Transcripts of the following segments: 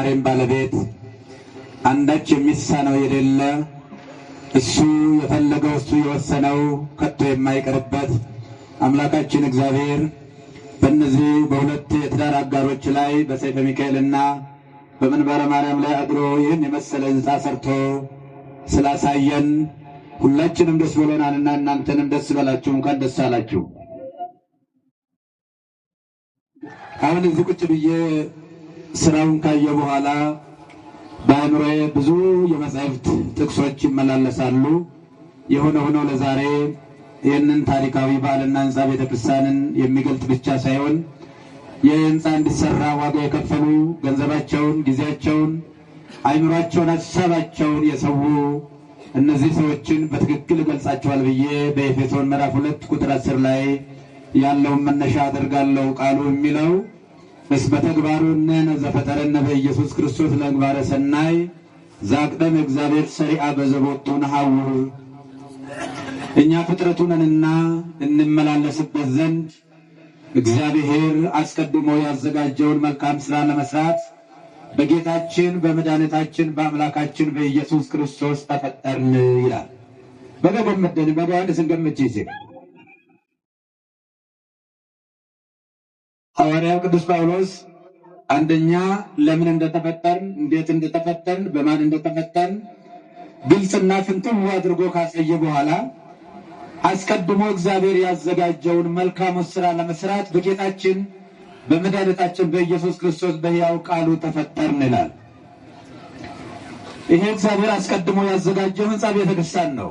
የባህሬን ባለቤት አንዳች የሚሳነው የሌለ እሱ የፈለገው እሱ የወሰነው ከቶ የማይቀርበት አምላካችን እግዚአብሔር በእነዚህ በሁለት የትዳር አጋሮች ላይ በሰይፈ ሚካኤልና በመንበረ ማርያም ላይ አድሮ ይህን የመሰለ ሕንፃ ሰርቶ ስላሳየን ሁላችንም ደስ ብሎናልና እናንተንም ደስ በላችሁ፣ እንኳን ደስ አላችሁ። አሁን እዚህ ቁጭ ብዬ ስራውን ካየ በኋላ በአእምሮዬ ብዙ የመጻሕፍት ጥቅሶች ይመላለሳሉ። የሆነ ሆኖ ለዛሬ ይህንን ታሪካዊ በዓልና ህንፃ ቤተክርስቲያንን የሚገልጥ ብቻ ሳይሆን ይህ ሕንፃ እንዲሰራ ዋጋ የከፈሉ ገንዘባቸውን፣ ጊዜያቸውን፣ አእምሯቸውን፣ ሀሳባቸውን የሰው እነዚህ ሰዎችን በትክክል እገልጻቸዋል ብዬ በኤፌሶን ምዕራፍ ሁለት ቁጥር አስር ላይ ያለውን መነሻ አደርጋለሁ ቃሉ የሚለው እስመ ተግባሩ እነነ ዘፈጠረነ በኢየሱስ ክርስቶስ ለእግባረ ሰናይ ዛቅደም እግዚአብሔር ሰሪአ በዘቦቱ ነሐውር እኛ ፍጥረቱ ነንና እንመላለስበት ዘንድ እግዚአብሔር አስቀድሞ ያዘጋጀውን መልካም ሥራ ለመስራት በጌታችን በመድኃኒታችን በአምላካችን በኢየሱስ ክርስቶስ ተፈጠርን ይላል። በገደመደን በደዋን ስንገምች ይዜ ሐዋርያው ቅዱስ ጳውሎስ አንደኛ ለምን እንደተፈጠርን፣ እንዴት እንደተፈጠርን፣ በማን እንደተፈጠርን ግልጽና ፍንትው አድርጎ ካሳየ በኋላ አስቀድሞ እግዚአብሔር ያዘጋጀውን መልካሙን ስራ ለመስራት በጌታችን በመድኃኒታችን በኢየሱስ ክርስቶስ በሕያው ቃሉ ተፈጠርን ይላል። ይሄ እግዚአብሔር አስቀድሞ ያዘጋጀው ህንፃ ቤተክርስቲያን ነው።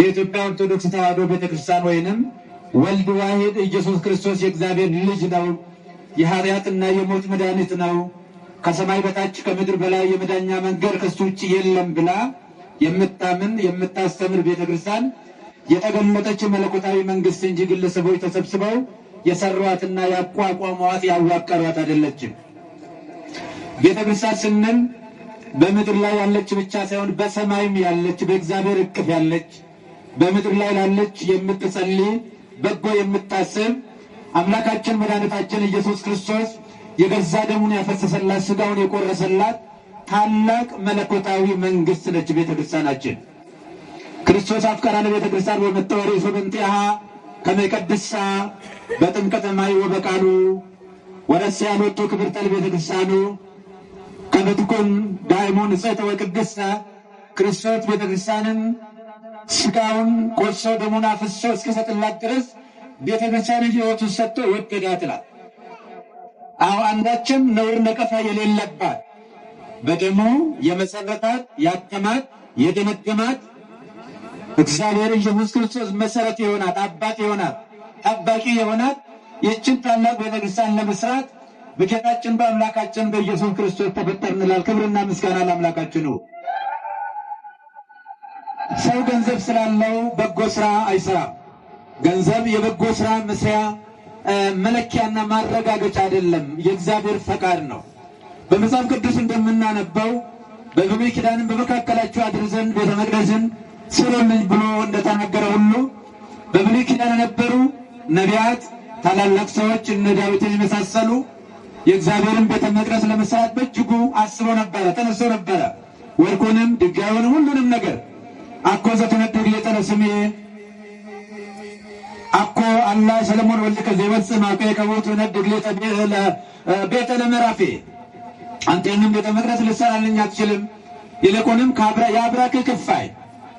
የኢትዮጵያ ኦርቶዶክስ ተዋሕዶ ቤተክርስቲያን ወይንም ወልድ ዋሄድ ኢየሱስ ክርስቶስ የእግዚአብሔር ልጅ ነው። የኃጢአትና የሞት መድኃኒት ነው። ከሰማይ በታች ከምድር በላይ የመዳኛ መንገድ ከሱ ውጭ የለም ብላ የምታምን የምታስተምር ቤተ ክርስቲያን የተገለጠች መለኮታዊ መንግስት እንጂ ግለሰቦች ተሰብስበው የሰሯትና ያቋቋሟት ያዋቀሯት አይደለችም። ቤተ ክርስቲያን ስንል በምድር ላይ ያለች ብቻ ሳይሆን በሰማይም ያለች በእግዚአብሔር እቅፍ ያለች በምድር ላይ ላለች የምትጸልይ በጎ የምታስብ አምላካችን መድኃኒታችን ኢየሱስ ክርስቶስ የገዛ ደሙን ያፈሰሰላት ስጋውን የቆረሰላት ታላቅ መለኮታዊ መንግስት ነች ቤተ ክርስቲያናችን። ክርስቶስ አፍቀራ ቤተ ክርስቲያን በመጠወሪ ሶበንጤሃ ከመቀድሳ ከመይቀድሳ በጥምቀተ ማይ ወበቃሉ ወረስ ያልወጡ ክብርተ ቤተ ክርስቲያኑ ከመትኩን ዳይሞን እፀተ ወቅድስተ ክርስቶስ ቤተ ክርስቲያንን ስጋውን ቆርሶ ደሙን አፍሶ እስከሰጥላት ድረስ ቤተ ክርስቲያን ሰጥቶ ወደዳት ይላል። አሁ አንዳችም ነውር ነቀፋ የሌለባት በደሙ የመሰረታት ያተማት የደመገማት እግዚአብሔር ኢየሱስ ክርስቶስ መሰረት የሆናት አባት የሆናት ጠባቂ የሆናት ይህችን ታላቅ ቤተክርስቲያን ለመስራት በጌታችን በአምላካችን በኢየሱስ ክርስቶስ ተፈጠርን ክብርና ምስጋና ለአምላካችን ነው። ሰው ገንዘብ ስላለው በጎ ስራ አይሰራም። ገንዘብ የበጎ ስራ መስሪያ መለኪያና ማረጋገጫ አይደለም፣ የእግዚአብሔር ፈቃድ ነው። በመጽሐፍ ቅዱስ እንደምናነበው በብሉይ ኪዳንም በመካከላቸው አድር ዘንድ ቤተ መቅደስን ስሩልኝ ብሎ እንደተናገረ ሁሉ በብሉይ ኪዳን የነበሩ ነቢያት፣ ታላላቅ ሰዎች እነ ዳዊትን የመሳሰሉ የእግዚአብሔርን ቤተ መቅደስ ለመስራት በእጅጉ አስቦ ነበረ፣ ተነስቶ ነበረ። ወርቁንም ድንጋዩንም ሁሉንም ነገር አኮ ዘተነብር የጠረ ስሜ አኮ አላ ሰለሞን ወልድከ ዘይበጽም አውቀ የቀቡት ነድግ ቤተ ለምዕራፌ አንተንም ቤተ መቅደስ ልሰራልኝ አትችልም። ይልቁንም የአብራክ ክፋይ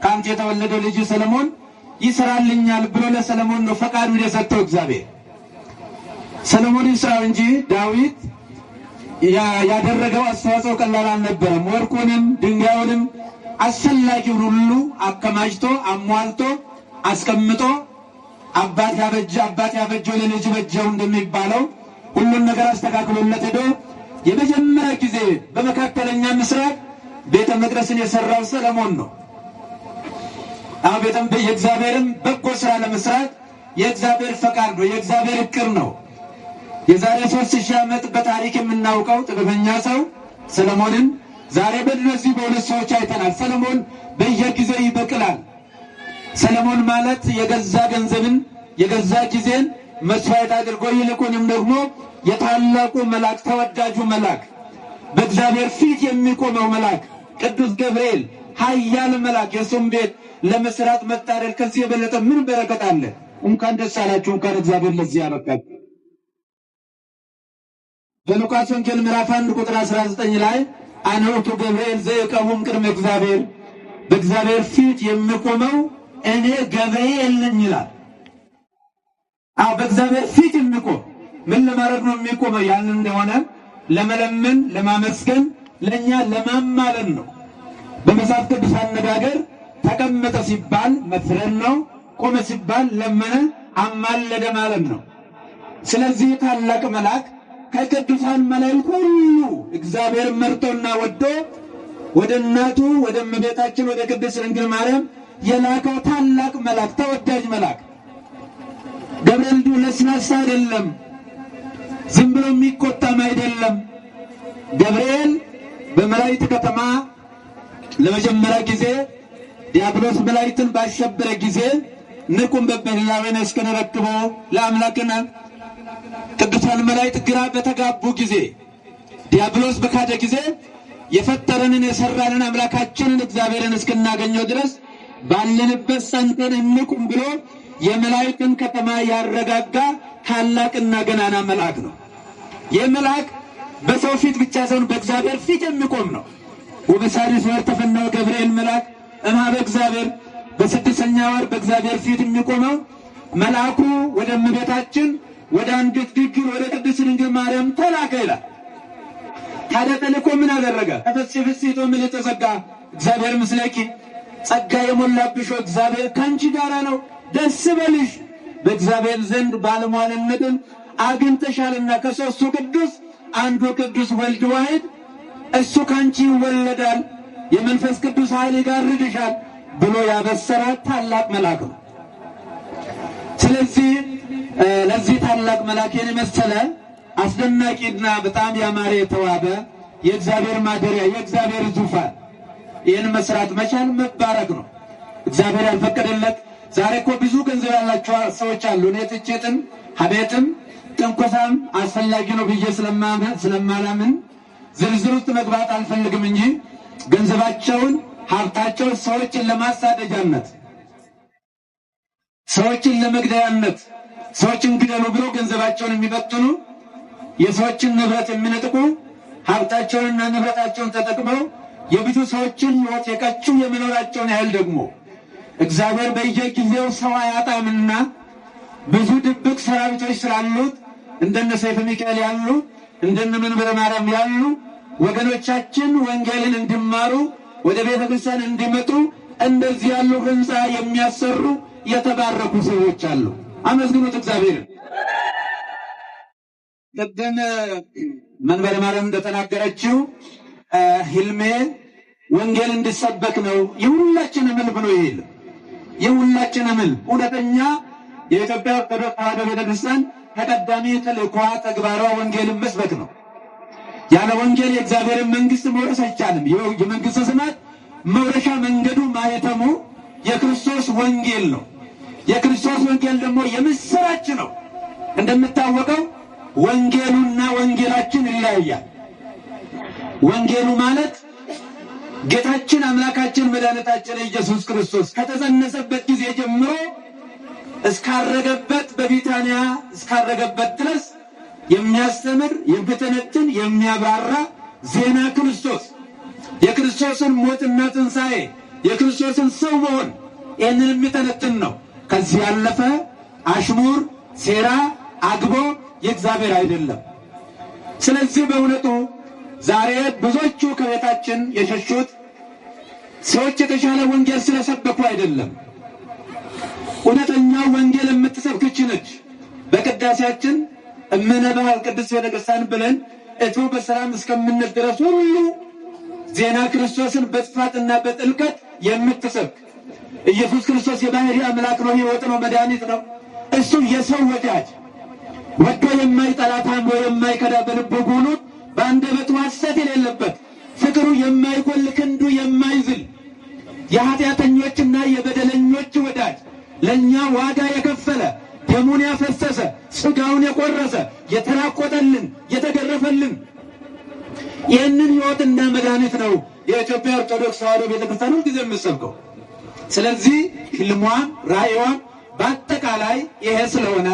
ከአንተ የተወለደው ልጅ ሰለሞን ይሰራልኛል ብሎ ለሰለሞን ነው ፈቃዱን የሰጠው እግዚአብሔር። ሰለሞን ይስራው እንጂ ዳዊት ያደረገው አስተዋጽኦ ቀላል አልነበረም። ወርቁንም ድንጋዩንም አስፈላጊውን ሁሉ አከማችቶ አሟልቶ አስቀምጦ አባት ያበጀ አባት ያበጀው ለልጅ በጀው እንደሚባለው ሁሉን ነገር አስተካክሎለት ሄዶ የመጀመሪያ ጊዜ በመካከለኛ ምስራቅ ቤተ መቅደስን የሰራው ሰለሞን ነው። አሁን ቤተም የእግዚአብሔርን በጎ ስራ ለመስራት የእግዚአብሔር ፈቃድ ነው፣ የእግዚአብሔር እቅር ነው። የዛሬ ሶስት ሺህ ዓመት በታሪክ የምናውቀው ጥበበኛ ሰው ሰለሞንን ዛሬ በእነዚህ በሁለት ሰዎች አይተናል። ሰለሞን በየጊዜው ይበቅላል። ሰለሞን ማለት የገዛ ገንዘብን የገዛ ጊዜን መስዋዕት አድርጎ ይልቁንም ደግሞ የታላቁ መልአክ ተወዳጁ መልአክ በእግዚአብሔር ፊት የሚቆመው መልአክ ቅዱስ ገብርኤል ኃያል መልአክ የሱም ቤት ለመስራት መታደል ከዚህ የበለጠ ምን በረከት አለ? እንኳን ደስ አላችሁ፣ እንኳን እግዚአብሔር ለዚህ ያበቃል። በሉቃስ ወንጌል ምዕራፍ አንድ ቁጥር 19 ላይ አነውቱ ገብርኤል ዘየቀውም ቅድመ እግዚአብሔር፣ በእግዚአብሔር ፊት የምቆመው እኔ ገብርኤል ነኝ ይላል። አዎ በእግዚአብሔር ፊት የሚቆም ምን ለማድረግ ነው የሚቆመው? ያንን እንደሆነ ለመለመን፣ ለማመስገን፣ ለእኛ ለማማለን ነው። በመጽሐፍ ቅዱስ አነጋገር ተቀመጠ ሲባል መትረን ነው፣ ቆመ ሲባል ለመነ፣ አማለደ ማለት ነው። ስለዚህ ታላቅ መልአክ ከቅዱሳን መላእክት ሁሉ እግዚአብሔር መርጦና ወዶ ወደ እናቱ ወደ እመቤታችን ወደ ቅድስት ድንግል ማርያም የላከው ታላቅ መልአክ ተወዳጅ መልአክ ገብርኤል ለስላሳ አይደለም፣ ዝም ብሎ የሚቆጣም አይደለም። ገብርኤል በመላእክት ከተማ ለመጀመሪያ ጊዜ ዲያብሎስ መላእክትን ባሸበረ ጊዜ ንቁም በበላዌነ እስክንረክበው ለአምላክና ቅዱሳን መላእክት ግራ በተጋቡ ጊዜ ዲያብሎስ በካደ ጊዜ የፈጠረንን የሰራንን አምላካችንን እግዚአብሔርን እስክናገኘው ድረስ ባለንበት ጸንተን እንቁም ብሎ የመላእክትን ከተማ ያረጋጋ ታላቅና ገናና መልአክ ነው። ይህ መልአክ በሰው ፊት ብቻ ሳይሆን በእግዚአብሔር ፊት የሚቆም ነው። ወበሳሪስ ወር ተፈናው ገብርኤል መልአክ እምኀበ በእግዚአብሔር በስድስተኛ ወር በእግዚአብሔር ፊት የሚቆመው መልአኩ ወደ እመቤታችን ወደ አንዲት ግግር ወደ ቅድስት ድንግል ማርያም ተላከ ይላል። ታዲያ ተልእኮ ምን አደረገ? ከፍሲ ፍሲቶ ምን የተዘጋ እግዚአብሔር ምስለኪ ጸጋ የሞላብሾ እግዚአብሔር ከአንቺ ጋር ነው፣ ደስ በልሽ፣ በእግዚአብሔር ዘንድ ባለሟልነትን አግኝተሻልና ከሦስቱ ቅዱስ አንዱ ቅዱስ ወልድ ዋሕድ እሱ ከአንቺ ይወለዳል፣ የመንፈስ ቅዱስ ኃይል ይጋርድሻል ብሎ ያበሰራት ታላቅ መልአክ ነው። ስለዚህ ለዚህ ታላቅ መልአክን የመሰለ አስደናቂና በጣም ያማረ የተዋበ የእግዚአብሔር ማደሪያ የእግዚአብሔር ዙፋን ይህን መስራት መቻል መባረክ ነው። እግዚአብሔር ያልፈቀደለት ዛሬ እኮ ብዙ ገንዘብ ያላቸው ሰዎች አሉ። እኔ ትችትም ሀቤትም ጥንኮሳም አስፈላጊ ነው ብዬ ስለማላምን ዝርዝር ውስጥ መግባት አልፈልግም እንጂ ገንዘባቸውን፣ ሀብታቸውን ሰዎችን ለማሳደጃነት፣ ሰዎችን ለመግደያነት ሰዎችን ግደሉ ብለው ገንዘባቸውን የሚበትኑ የሰዎችን ንብረት የሚነጥቁ ሀብታቸውንና ንብረታቸውን ተጠቅመው የብዙ ሰዎችን ሕይወት የቀጩ የመኖራቸውን ያህል ደግሞ እግዚአብሔር በየጊዜው ሰው አያጣምና ብዙ ድብቅ ሰራዊቶች ስላሉት እንደነ ሰይፈ ሚካኤል ያሉ እንደነ መንበረ ማርያም ያሉ ወገኖቻችን ወንጌልን እንዲማሩ ወደ ቤተ ክርስቲያን እንዲመጡ እንደዚህ ያሉ ሕንፃ የሚያሰሩ የተባረኩ ሰዎች አሉ። አመስግኑት እግዚአብሔር። ቅድም መንበረ ማርያም እንደተናገረችው ህልሜ ወንጌል እንዲሰበክ ነው። የሁላችንም ህልም ብሎ ይሄል የሁላችንም ህልም እውነተኛ የኢትዮጵያ ኦርቶዶክስ ተዋሕዶ ቤተክርስቲያን ተቀዳሚ ተልእኳ ተግባሯ ወንጌልን መስበክ ነው። ያለ ወንጌል የእግዚአብሔርን መንግስት መውረስ አይቻልም። የመንግስት ስማት መውረሻ መንገዱ ማየተሙ የክርስቶስ ወንጌል ነው። የክርስቶስ ወንጌል ደግሞ የምስራች ነው። እንደምታወቀው ወንጌሉና ወንጌላችን ይለያያል። ወንጌሉ ማለት ጌታችን አምላካችን መድኃኒታችን ኢየሱስ ክርስቶስ ከተጸነሰበት ጊዜ ጀምሮ እስካረገበት በቢታንያ እስካረገበት ድረስ የሚያስተምር የሚተነትን የሚያብራራ ዜና ክርስቶስ የክርስቶስን ሞትና ትንሣኤ የክርስቶስን ሰው መሆን ይህንን የሚተነትን ነው። ከዚህ ያለፈ አሽሙር፣ ሴራ፣ አግቦ የእግዚአብሔር አይደለም። ስለዚህ በእውነቱ ዛሬ ብዙዎቹ ከቤታችን የሸሹት ሰዎች የተሻለ ወንጌል ስለሰበኩ አይደለም። እውነተኛው ወንጌል የምትሰብክ ይህች ነች። በቅዳሴያችን እምነ ባህል ቅድስት ቤተክርስቲያን ብለን እቶ በሰላም እስከምንል ድረስ ሁሉ ዜና ክርስቶስን በስፋትና በጥልቀት የምትሰብክ ኢየሱስ ክርስቶስ የባህሪ አምላክ ነው፣ ሕይወት ነው፣ መድኃኒት ነው። እሱ የሰው ወዳጅ ወዶ የማይጠላ ታምቦ የማይከዳ በልቡ ጉሉ በአንደበቱ ሐሰት የሌለበት ፍቅሩ የማይጎል ክንዱ የማይዝል የኃጢአተኞችና የበደለኞች ወዳጅ ለእኛ ዋጋ የከፈለ ደሙን ያፈሰሰ ሥጋውን የቆረሰ የተራቆጠልን የተገረፈልን ይህንን ሕይወትና መድኃኒት ነው የኢትዮጵያ ኦርቶዶክስ ተዋሕዶ ቤተክርስቲያን ክርስቲያን ሁልጊዜ ስለዚህ ህልሟን ራእይዋን በአጠቃላይ ይሄ ስለሆነ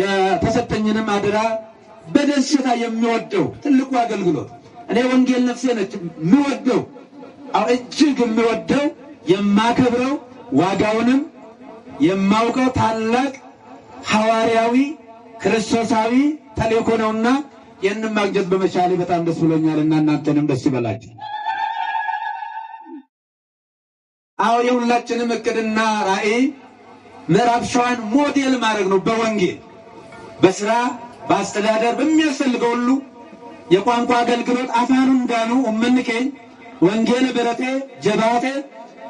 የተሰጠኝንም አደራ በደስታ የሚወደው ትልቁ አገልግሎት እኔ ወንጌል ነፍሴ ነች የምወደው እጅግ የሚወደው የማከብረው ዋጋውንም የማውቀው ታላቅ ሐዋርያዊ ክርስቶሳዊ ተልእኮ ነውና ይህንን ማግኘት በመቻሌ በጣም ደስ ብሎኛልና እናንተንም ደስ ይበላችሁ። አዎ የሁላችንም እቅድና ራእይ ምዕራብ ሸዋን ሞዴል ማድረግ ነው። በወንጌል በስራ በአስተዳደር በሚያስፈልገው ሁሉ የቋንቋ አገልግሎት አፋኑ እንዳኑ እምንኬኝ ወንጌል ብረቴ ጀባቴ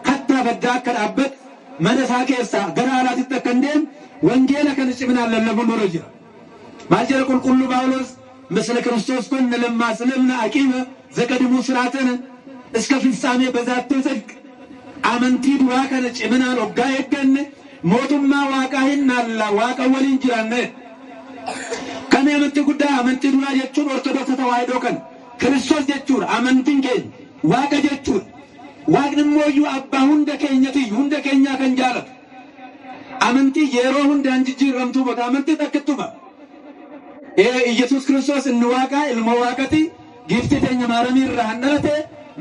ከታ በዳ ከዳበት መነሳኬሳ ገራላት ይተከንዴን ወንጌል ከንጭ ምን አለ ረጅ ማጀረ ቁልቁሉ ጳውሎስ ምስለ ክርስቶስ ኩን ለማ ስለምነ አቂመ ዘቀድሙ ስራትን እስከ ፍጻሜ በዛቴ ጽድቅ አመንቲ ዱራ ከነ ጭምናን ወጋ የገነ ሞቱማ ዋቃ ሂናላ ዋቀ ወሊን ጅራነ ከነ አመንቲ ጉዳ አመንቲ ዱራ ጀቹን ኦርቶዶክስ ተዋሂዶ ከን ክርስቶስ ጀቹን አመንቲን ኬን ዋቀ ጀቹን ዋቅንሞዩ አባ ሁንደ ኬኘትዩ ሁንደ ኬኛ ከን አመንቲ የሮ ሁንደ ረምቱ ቦታ አመንቲ ጠክቱመ ኢየሱስ ክርስቶስ እንዋቃ ኢልመዋቀቲ ጊፍቴ ተኛ ማረሚ ራሃነለቴ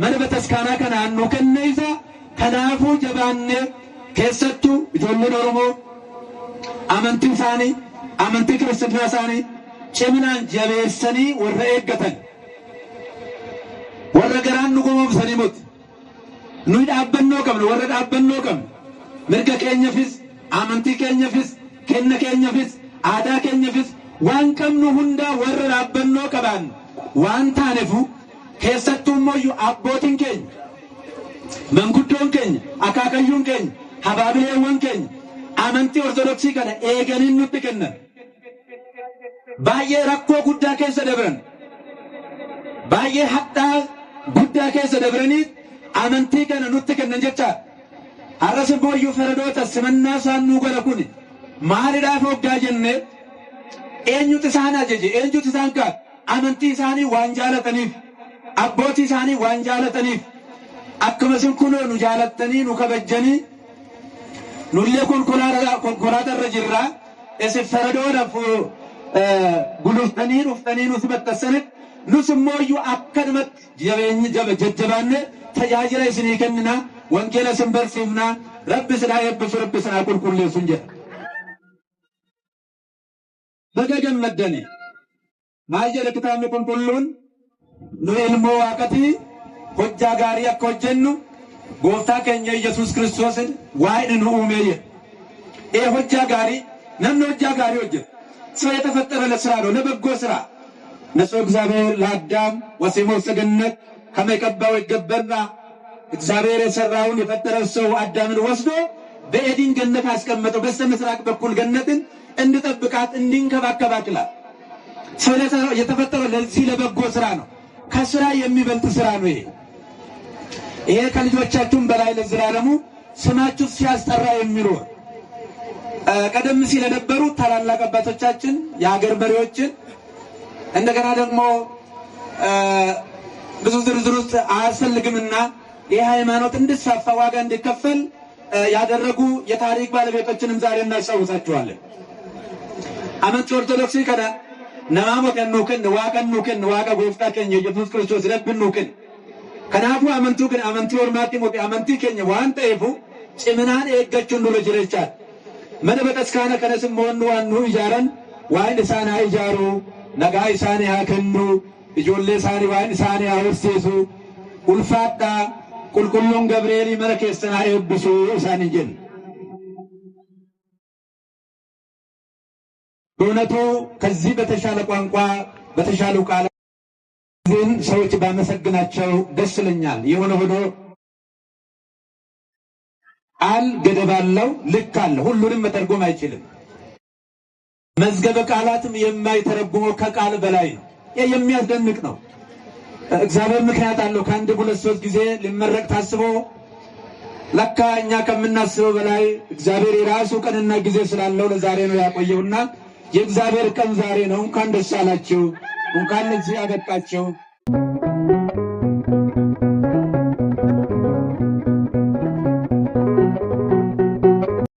መነበተስካና ከነ አኖ ከነ kanaafuu jabaannee keessattuu ijoolleen Oromoo amantii isaanii amantii Kiristaanaa isaanii ciminaan jabeessanii warra eeggatan warra garaan nu gomoomsanii muti nuyi dhaabbannoo qabnu warra dhaabbannoo qabnu mirga keenyafis amantii keenyafis kenna keenyafis aadaa keenyafis waan qabnu hundaa warra dhaabbannoo qaban waan taanefu keessattuu immoo abbootiin keenya. መንጉዶን keenya akaakayyuun keenya habaabileewwan keenya amantii ortodoksii kana eeganiin nutti kennan baay'ee rakkoo guddaa keessa dabran baay'ee hadhaa guddaa keessa dabraniif amantii kana nutti kennan jecha arrasin booyyuu faradoota simannaa isaan nuu gala kun maaliidhaaf hoggaa jennee eenyutu isaan ajaje eenyutu isaan kaa'e amantii isaanii waan jaalataniif abbootii isaanii waan jaalataniif akkuma isin kunoo nu jaalattanii nu kabajjanii nullee konkolaatarra jirra isin faradoodhaaf guluftanii dhuftanii nusi maxxansanit nus immooyyuu akkanumatti jajjabaanne tajaajila isinii kennina wangeela isin barsiifna rabbi sinaa eebbisu rabbi qulqulleessu hin jedha. Baga gammaddani maal jedha kitaabni qulqulluun nu ilmoo waaqatii gochaa gaarii akka hojjennu gooftaa keenya yesus kiristoosin waa'ee nu uumeeyye ee hojjaa gaarii namni hojjaa gaarii hojjetu ስራ የተፈጠረ ለስራ ነው፣ ለበጎ ስራ ንጹሕ እግዚአብሔር ለአዳም ወሴሞት ሰገነት ከመቀባው ይገበና እግዚአብሔር የሰራውን የፈጠረው ሰው አዳምን ወስዶ በኤዲን ገነት አስቀመጠው። በስተ ምስራቅ በኩል ገነትን እንድጠብቃት እንዲንከባከባት ይላል። ሰው የተፈጠረው ለዚህ ለበጎ ስራ ነው። ከስራ የሚበልጥ ስራ ነው ይሄ። ይሄ ከልጆቻችሁም በላይ ለዘላለሙ ስማችሁ ሲያስጠራ የሚኖር ቀደም ሲል የነበሩ ታላላቅ አባቶቻችን የሀገር መሪዎችን እንደገና ደግሞ ብዙ ዝርዝር ውስጥ አያስፈልግምና ይህ ሃይማኖት እንድሳፋ ዋጋ እንዲከፈል ያደረጉ የታሪክ ባለቤቶችንም ዛሬ እናስታውሳቸዋለን። አመንቲ ኦርቶዶክስ ከዳ ነማሞት ያኑክን ዋቀኑክን ዋቀ ከኝ የኢየሱስ ክርስቶስ ረብኑክን Kanaafuu amantuu kana amantii ormaatti immoo amantii keenya waan ta'eef ciminaan eeggachuun nurra jira jechaadha. Mana bataskaana kanas immoo waan nu ijaaran waan isaan haa ijaaru, nagaa isaanii haa kennu, ijoollee isaanii waan isaanii haa horsiisu, ulfaadhaa qulqulluun Gabreelii mana keessan haa eebbisu isaanii jenna. በእውነቱ ከዚህ በተሻለ ቋንቋ በተሻለው ቃል ግን ሰዎች ባመሰግናቸው ደስ ይለኛል። የሆነ ሆኖ ቃል ገደብ አለው፣ ልክ አለ። ሁሉንም መተርጎም አይችልም። መዝገበ ቃላትም የማይተረጉመው ከቃል በላይ ነው። የሚያስደንቅ ነው። እግዚአብሔር ምክንያት አለው። ከአንድ ሁለት ሶስት ጊዜ ሊመረቅ ታስቦ ለካ እኛ ከምናስበው በላይ እግዚአብሔር የራሱ ቀንና ጊዜ ስላለው ለዛሬ ነው ያቆየውና የእግዚአብሔር ቀን ዛሬ ነው። እንኳን ደስ አላችሁ። እንኳን ለዚህ አበቃቸው።